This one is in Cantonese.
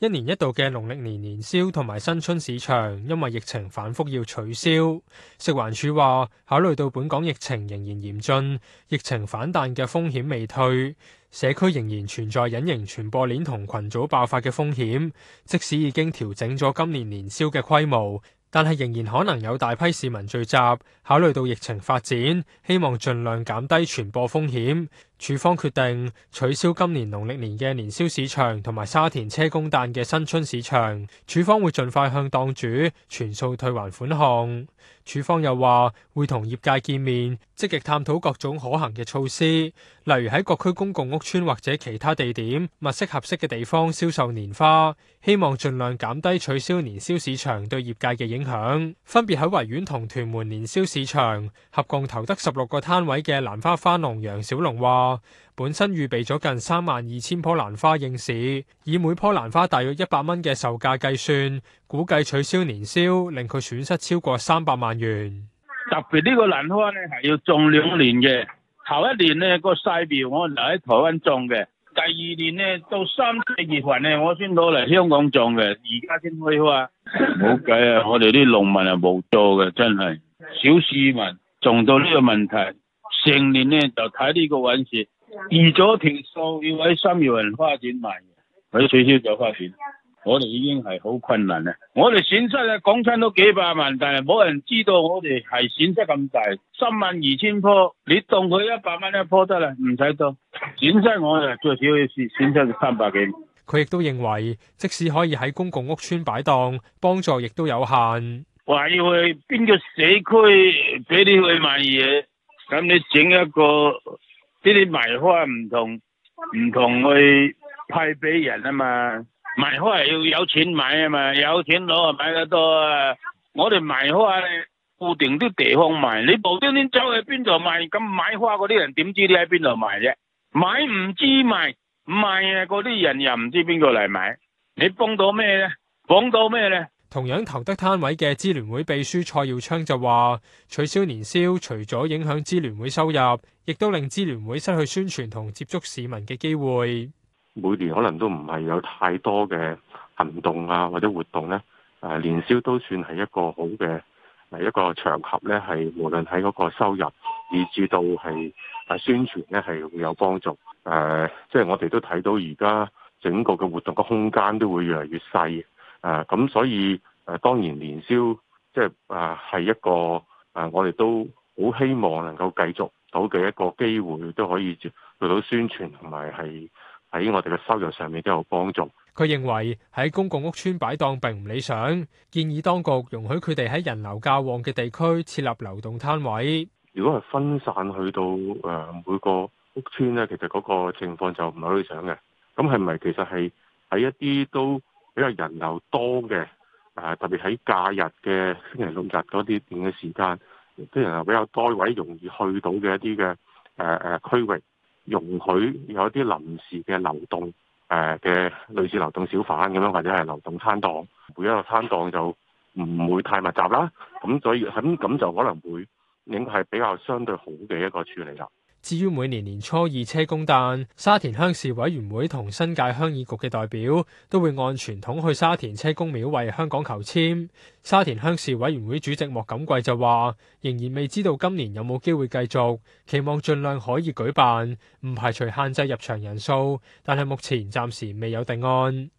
一年一度嘅農曆年年宵同埋新春市場，因為疫情反復要取消。食環署話，考慮到本港疫情仍然嚴峻，疫情反彈嘅風險未退，社區仍然存在隱形傳播鏈同群組爆發嘅風險。即使已經調整咗今年年宵嘅規模，但係仍然可能有大批市民聚集。考慮到疫情發展，希望盡量減低傳播風險。署方決定取消今年農曆年嘅年宵市場同埋沙田車公誕嘅新春市場，署方會盡快向檔主全數退還款項。署方又話會同業界見面，積極探討各種可行嘅措施，例如喺各區公共屋邨或者其他地點物色合適嘅地方銷售年花，希望盡量減低取消年宵市場對業界嘅影響。分別喺維園同屯門年宵市場合共投得十六個攤位嘅蘭花花農楊小龍話。本身預備咗近三萬二千棵蘭花應市，以每棵蘭花大約一百蚊嘅售價計算，估計取消年宵令佢損失超過三百萬元。特別呢個蘭花咧，係要種兩年嘅，頭一年呢、呢個細苗我留喺台灣種嘅，第二年呢到三四月份呢，我先攞嚟香港種嘅，而家先開花。冇計啊，我哋啲農民又冇做嘅，真係小市民種到呢個問題。成年咧就睇呢個位置預咗條數要喺三月份花苑賣，我要取消咗花苑，我哋已經係好困難啦。我哋損失啊，講親都幾百萬，但係冇人知道我哋係損失咁大，三萬二千棵，你當佢一百蚊一棵得啦，唔使當。損失我哋最少要損失三百幾。佢亦都認為，即使可以喺公共屋邨擺檔，幫助亦都有限。話要去邊個社區俾你去賣嘢？ 咁你整一個，呢啲賣花唔同，唔同去派俾人啊嘛，賣花係要有錢買啊嘛，有錢攞啊買得多啊。我哋賣花固定啲地方賣，你無端端走去邊度賣？咁買花嗰啲人點知你喺邊度賣啫？買唔知賣，賣啊！嗰啲人又唔知邊個嚟買，你幫到咩咧？幫到咩咧？同樣投得攤位嘅支聯會秘書蔡耀昌就話：取消年宵，除咗影響支聯會收入，亦都令支聯會失去宣傳同接觸市民嘅機會。每年可能都唔係有太多嘅行動啊，或者活動咧。誒、呃、年宵都算係一個好嘅誒一個場合咧，係無論喺嗰個收入，以至到係誒宣傳咧係會有幫助。誒即係我哋都睇到而家整個嘅活動嘅空間都會越嚟越細。誒，咁所以誒，當然年宵即係誒，係一個誒，我哋都好希望能夠繼續到嘅一個機會，都可以做到宣傳同埋係喺我哋嘅收入上面都有幫助。佢認為喺公共屋邨擺檔並唔理想，建議當局容許佢哋喺人流較旺嘅地區設立流動攤位。如果係分散去到誒每個屋邨咧，其實嗰個情況就唔係好理想嘅。咁係咪其實係喺一啲都？因為人流多嘅，誒，特別喺假日嘅星期六日嗰啲段嘅時間，啲人又比較多，位容易去到嘅一啲嘅，誒誒區域，容許有一啲臨時嘅流動，誒、呃、嘅類似流動小販咁樣，或者係流動攤檔，每一個攤檔就唔會太密集啦，咁所以咁咁就可能會，應該係比較相對好嘅一個處理啦。至於每年年初二車公誕，沙田鄉事委員會同新界鄉議局嘅代表都會按傳統去沙田車公廟為香港求籤。沙田鄉事委員會主席莫錦貴就話，仍然未知道今年有冇機會繼續，期望盡量可以舉辦，唔排除限制入場人數，但係目前暫時未有定案。